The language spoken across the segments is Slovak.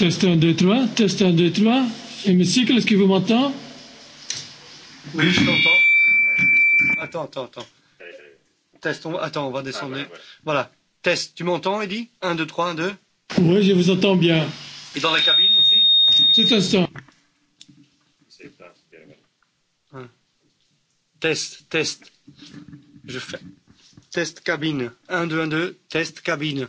Test 1, 2, 3, test 1, 2, 3. Hémicycle, est-ce que vous m'entendez Oui, je t'entends. Attends, attends, attends. Test, on... Attends, on va descendre. Ah, voilà, voilà. voilà. Test, tu m'entends, Eddy 1, 2, 3, 1, 2. Oui, je vous entends bien. Et dans la cabine aussi Tout instant. Un. Test, test. Je fais. Test cabine. 1, 2, 1, 2. Test cabine.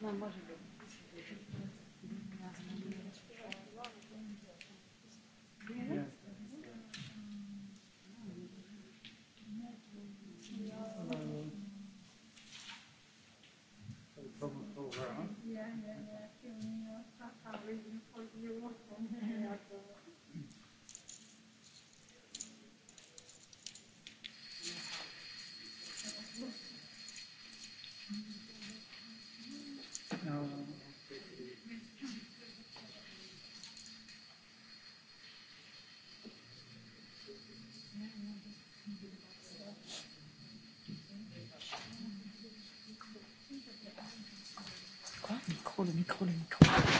No, môžem. le micro, le micro.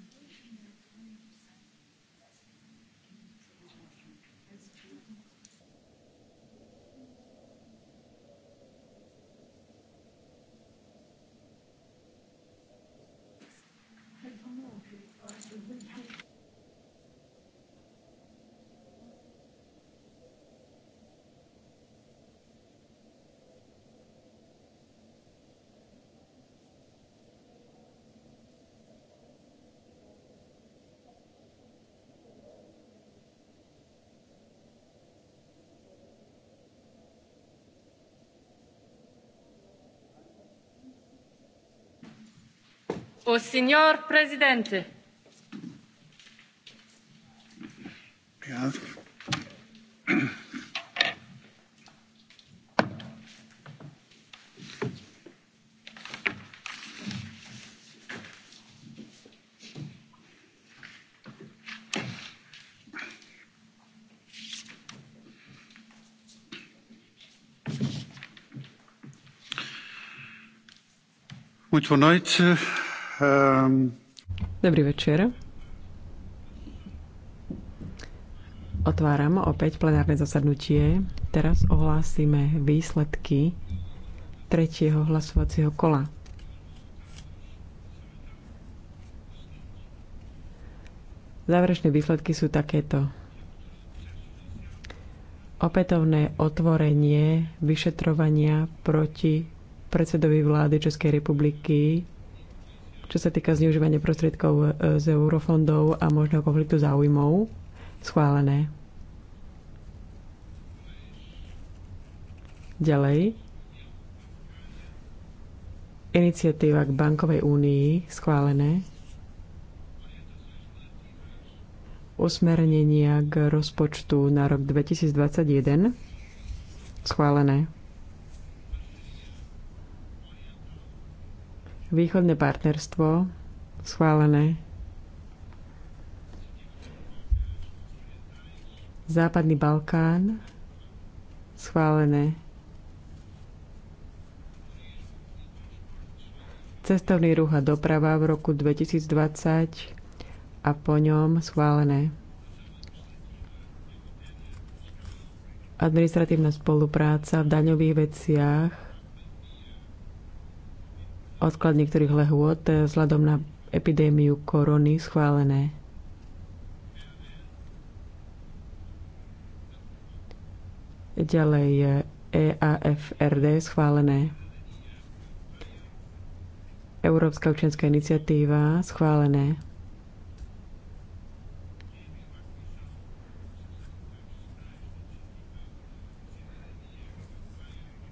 signor Presidente. Ja. Muito Um... Dobrý večer. Otváram opäť plenárne zasadnutie. Teraz ohlásime výsledky tretieho hlasovacieho kola. Záverečné výsledky sú takéto. Opätovné otvorenie vyšetrovania proti predsedovi vlády Českej republiky čo sa týka zneužívania prostriedkov e, z eurofondov a možného konfliktu záujmov. Schválené. Ďalej. Iniciatíva k bankovej únii. Schválené. Usmernenia k rozpočtu na rok 2021. Schválené. Východné partnerstvo schválené. Západný Balkán schválené. Cestovný ruch a doprava v roku 2020 a po ňom schválené. Administratívna spolupráca v daňových veciach odklad niektorých lehôd vzhľadom na epidémiu korony schválené. Ďalej je EAFRD schválené. Európska občianská iniciatíva schválené.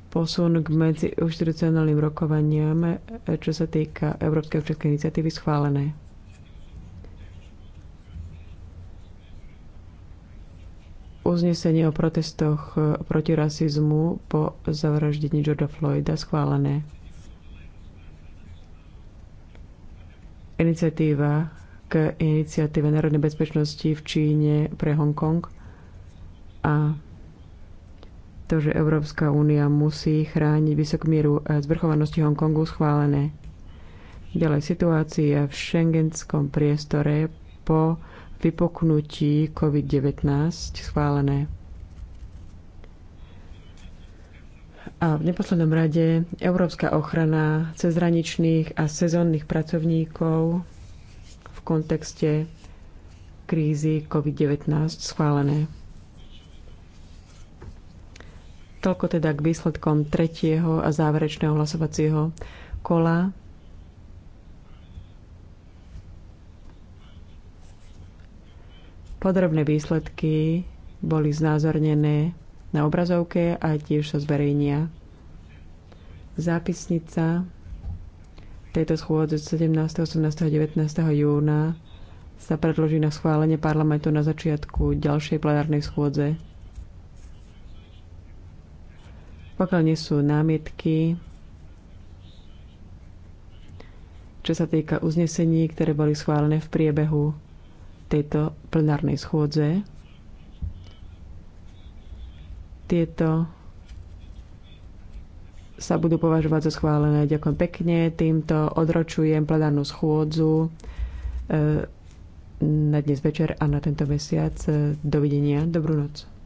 posun k medziinstitucionálnym rokovaniam, čo sa týka Európskej občianskej iniciatívy, schválené. Uznesenie o protestoch proti rasizmu po zavraždení Georgea Floyda schválené. Iniciatíva k iniciatíve národnej bezpečnosti v Číne pre Hongkong a to, že Európska únia musí chrániť vysokú mieru eh, zvrchovanosti Hongkongu schválené. Ďalej situácia v šengenskom priestore po vypoknutí COVID-19 schválené. A v neposlednom rade európska ochrana cezhraničných a sezónnych pracovníkov v kontexte krízy COVID-19 schválené. Toľko teda k výsledkom tretieho a záverečného hlasovacieho kola. Podrobné výsledky boli znázornené na obrazovke a tiež sa zverejnia. Zápisnica tejto schôdze 17., 18., 19. júna sa predloží na schválenie parlamentu na začiatku ďalšej plenárnej schôdze. Pokiaľ nie sú námietky, čo sa týka uznesení, ktoré boli schválené v priebehu tejto plenárnej schôdze, tieto sa budú považovať za schválené. Ďakujem pekne. Týmto odročujem plenárnu schôdzu eh, na dnes večer a na tento mesiac. Eh, dovidenia. Dobrú noc.